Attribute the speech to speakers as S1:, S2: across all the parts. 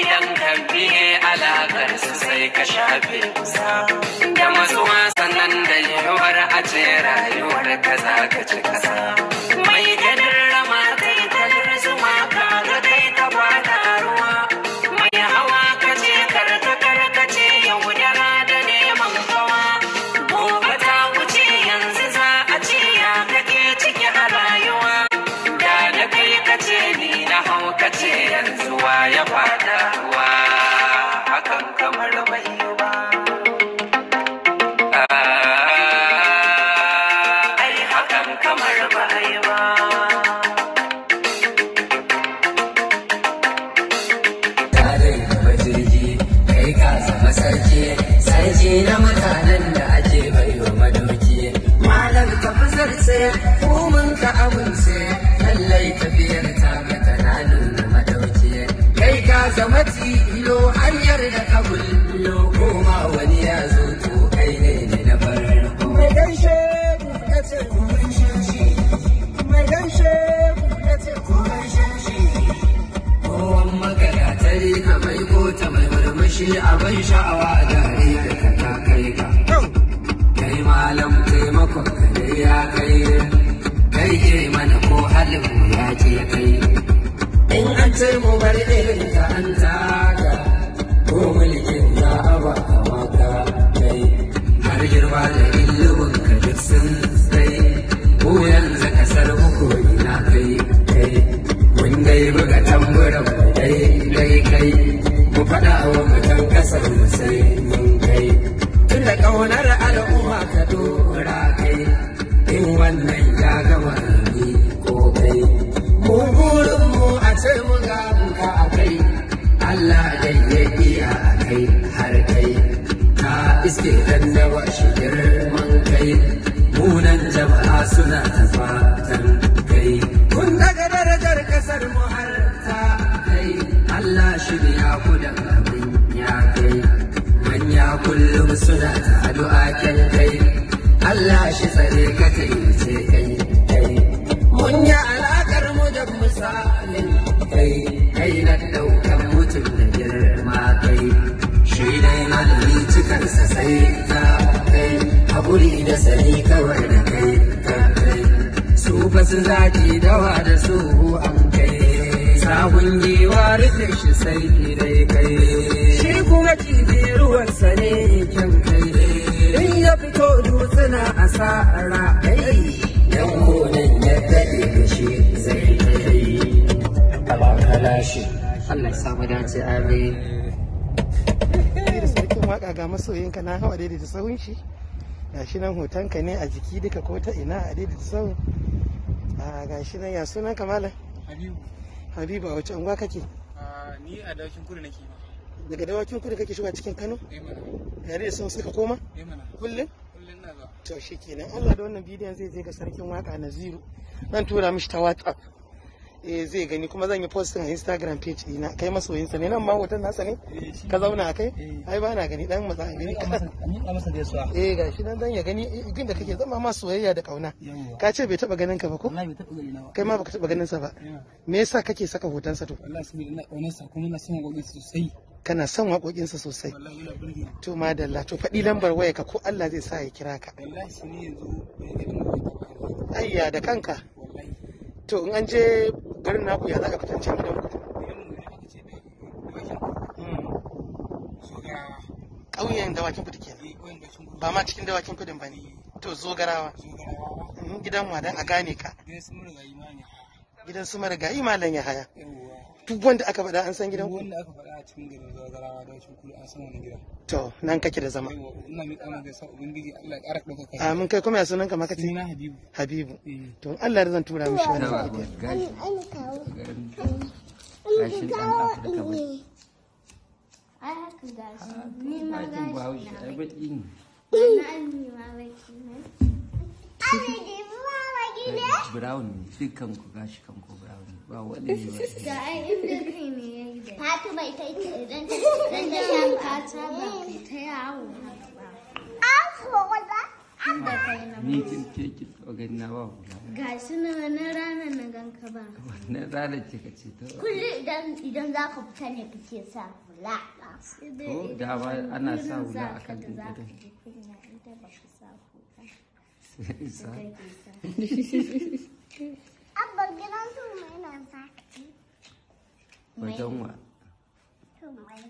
S1: Idan ka biye alaƙar su sai ka shafe kusa. Da matsuwa sannan da yiwuwar ajiye rayuwar ka za ka ci kasa. Mai gadin rama sarki sarki na mutanen da ake baiwa madoki malam tafi zarce to move kasar mu har ta Allah ya kai manya kullum suna ta addu'a kai Allah shi tsare ka kai ce kai kai mun alakar mu da misalin kai kai na mutum da girma kai shi dai cikarsa sai ta kai haƙuri da sani da kai kai su ba su zaki dawa da shi sai dai kai shi kuma kifi sa ne kyan kai in ya fito dutsuna a sa'ara kai yan gonan ya daɗe da shi zai kai Allah ka lashe Allah samu dace amin
S2: waka ga masoyinka na hawa daidaita tsawon shi gashi nan hotonka ne a jiki duka ko ta ina a daidaita tsawon a ah, gashi nan ya sunan kamala habibu habibu a wace unguwa kake ni a dawakin kudu nake ba daga dawakin kudu kake shiga cikin kano tare da sun suka koma eh kullum to shi kenan allah da wannan bidiyon zai je ga sarkin waka naziru zan tura mishi ta whatsapp eh zai gani kuma zan yi posting a Instagram page dina kai masoyinsa ne nan ma hoton nasa ne eh, ka zauna a kai eh. ai ba na gani dan maza a gani eh gashi nan zan ya gani eh, gin da kake zama ma soyayya da kauna ka ce bai taba ganin ka ba ko kai ma baka taba ganin sa ba me yasa kake saka hoton sa to wallahi saboda ina kaunar sa kuma ina son gobe sosai kana son wakokin sa sosai to madalla to faɗi lambar wayarka ko Allah zai sa ya kira ka wallahi yanzu ayya da kanka to in an je garin naku ya zaka can gidan ku ƙauyen dawakin kudu ke ba ma cikin dawakin kudin ba ne to zogarawa mhm, gidan wadan dan a gane ka gidan su marigayi malam ya haya duk wanda aka faɗa an san gidan ku wanda aka faɗa a cikin garin zagarawa da wasu kulu an san wani gidan to nan kake da zama ina mi kana ga sa ubangiji Allah ya ƙara ɗaukaka a mun kai kuma ya sunan ka maka ce na habibu habibu eh. to Allah ya zan tura shi wannan gashi gashi
S1: dan afirka ba ai haka gashi ni ma gashi na ai din ne wannan ni ma baki ne ai da ba baki ne brown ne sai kanku gashi kanku brown ba wani da ai inda kai ne ya yi da fatima ita ita idan ta yanka ta ba ta yawo ni kin
S3: ke ki gani na ba hula
S1: ga shi na wani ranar na ganka ba
S3: Wani ranar ce ka ce ta kullum
S1: idan idan za ka fita ne kake sa hula ko da ba ana sa hula a kan dindadin isa Abban gidan su mai nan sakci. wa? Su mai.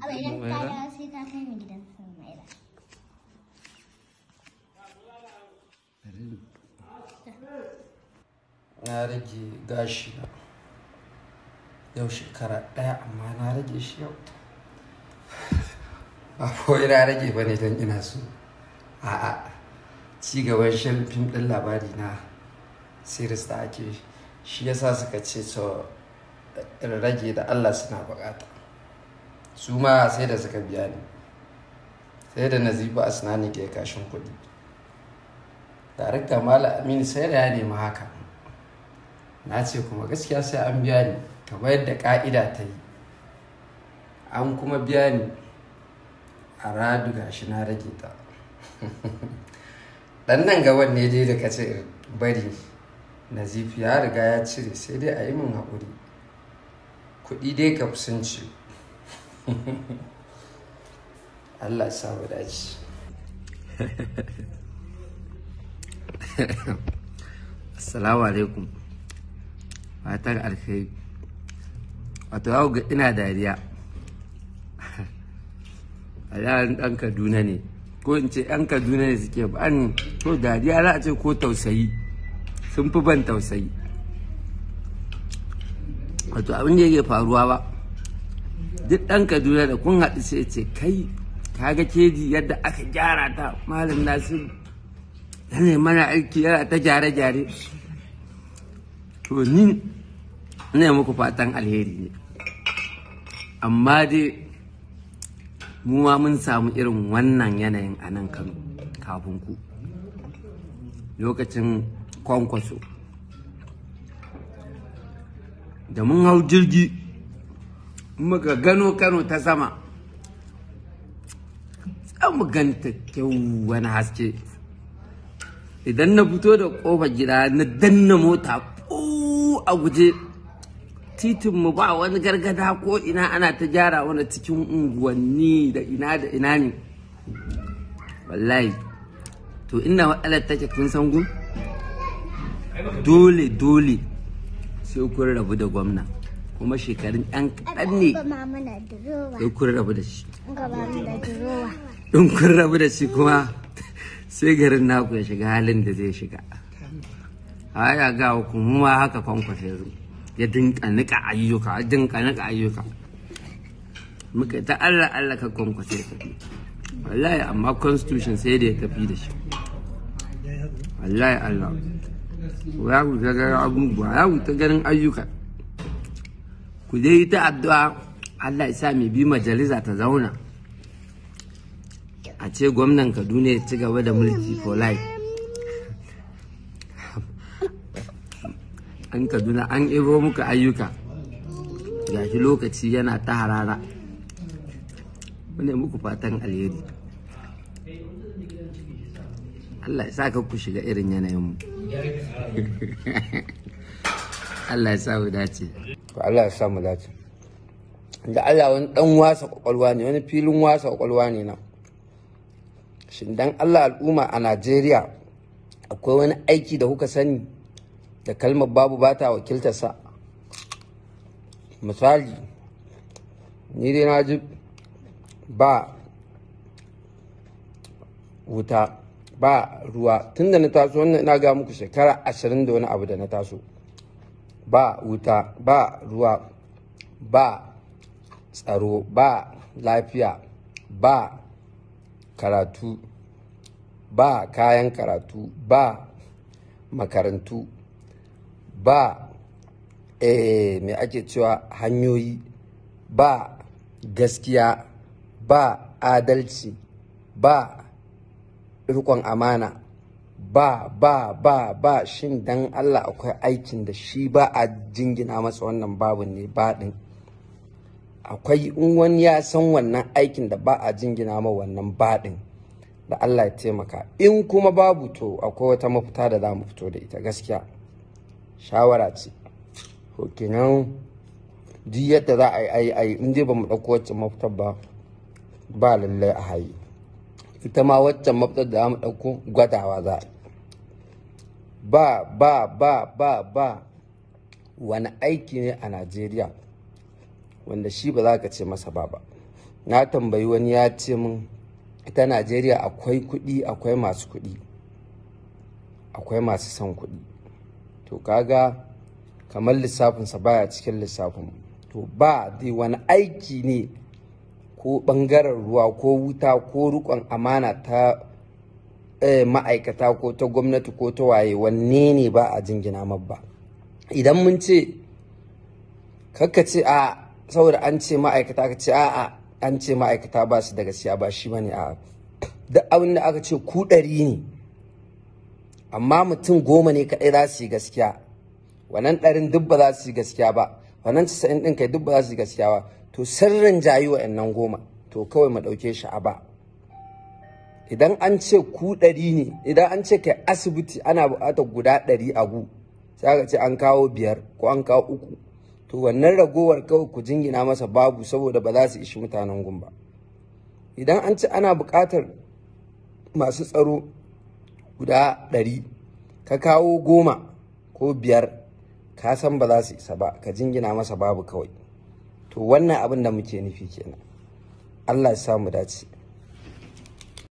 S1: sai ta kai gidan su mai
S3: Na rage gashi na. Yau shekara ɗaya amma na rage shi yau. Ba kawai na rage ba ne don ina so. A'a, cigaban shan fim ɗin labari na. series da ake shi ya sa suka ce so rage da Allah suna bukata su ma sai da suka biya ni sai da nazibu asnani ke kashin kuɗi darakta mala amin sai da ya nemi haka na ce kuma gaskiya sai an biya ni kamar yadda ka'ida ta yi an kuma biya ni a radu gashi na rage ta ɗan nan gaban ne dai da ka kace bari nazif ya riga ya cire sai dai a yi min haƙuri kuɗi dai ka kusanci allah sa mu dace assalamu alaikum matar alkhairi wato yau ga ina dariya a yaran ɗan kaduna ne ko in ce ɗan kaduna ne suke ba an Ko dariya za a ce ko tausayi sun fi ban tausayi wato abin da yake faruwa ba duk ɗan kaduna da kun haɗu sai ce kai ga keji yadda aka gyara ta malam nasiru yana mana aiki yana ta gyare-gyare to ni ne muku fatan alheri ne amma dai mu ma mun samu irin wannan yanayin a nan kano kafin ku lokacin kwankwaso da mun hau jirgi muka gano kano ta sama mu ganta kyau wani haske idan na fito da kofar gida na danna mota ko a guje mu ba wani gargada ko ina ana ta gyara wani cikin unguwanni da ina da ina ne wallahi to ina matsalar take kun san gun dole dole sai kun rabu da gwamna kuma shekarun ɗan
S1: kaɗan ne sai
S3: kun rabu da shi in kun rabu da shi kuma sai garin naku ya shiga halin da zai shiga haya ga kuma haka kwankwashe zu ya dinka nika ayyuka dinka nika ayyuka muka ta Allah Allah ka kwankwashe ka wallahi amma constitution sai da ya tafi da shi wallahi Allah yaro ta ganin abubuwa yaro ta ganin ayyuka ku dai ta addu'a Allah ya sa mai bi majalisa ta zauna a ce gwamnan Kaduna ya ci gaba da mulki for life an Kaduna an ibo muka ayyuka shi lokaci yana ta harara mune muku fatan alheri Allah ya sa ka ku shiga irin yanayin mu. Allah ya samu dace Allah ya sa dace da Allah wani dan wasa kwakwalwa ne wani filin wasa kwakwalwa ne na shin dan Allah al'umma a Najeriya akwai wani aiki da kuka sani da kalmar babu bata ta wakiltarsa misali ni dai na ji ba wuta ba ruwa tun da na taso wannan ina ga muku shekara ashirin da wani abu da na taso ba wuta ba ruwa ba tsaro ba lafiya ba karatu ba kayan karatu ba makarantu ba eh, me ake cewa hanyoyi ba gaskiya ba adalci ba rikon amana ba ba ba ba shin dan Allah akwai aikin da shi ba a jingina masa wannan babin ne ba din? akwai in wani ya san wannan aikin da ba a jingina ma wannan ba din? da Allah ya taimaka in kuma babu to akwai wata mafita da za mu fito da ita gaskiya shawara ce kenan duk yadda za a yi in dai ba mu ɗauko wacce mafitar ba ba lallai a hayi ita ma waccan mafitar da mu ɗauko gwadawa za ba ba ba ba ba wani aiki ne a najeriya wanda shi ba za ka ce masa ba ba na tambayi wani ya ce min ita najeriya akwai kuɗi akwai masu kuɗi akwai masu son kuɗi to kaga kamar lissafinsa baya cikin lissafin to ba dai wani aiki ne ko bangaren ruwa ko wuta ko rukon amana ta eh, ma'aikata ko ta gwamnati ko ta waye wanne ne ba a jingina mabba idan mun ce kakka ce a saboda an ce ma'aikata ka ce a'a an ce ma'aikata ba su da gaskiya ba shi bane a duk abin da aka ce ku ɗari ne amma mutum goma ne kaɗai za su yi gaskiya wannan ɗarin duk ba za su yi gaskiya ba wannan casa'in ɗin kai duk ba za su yi gaskiya ba to sirrin jayi wa'annan goma to kawai mu ɗauke shi a ba idan an ce ku ɗari ne idan an ce kai asibiti ana buƙatar guda ɗari a gu sai aka ce an kawo biyar ko an kawo uku to wannan ragowar kawai ku jingina masa babu saboda ba za su ishi mutanen gun ba idan an ce ana buƙatar masu tsaro guda ɗari ka kawo goma ko biyar ka san ba za su isa ba ka jingina masa babu kawai to wannan abin da muke nufi kenan Allah ya samu dace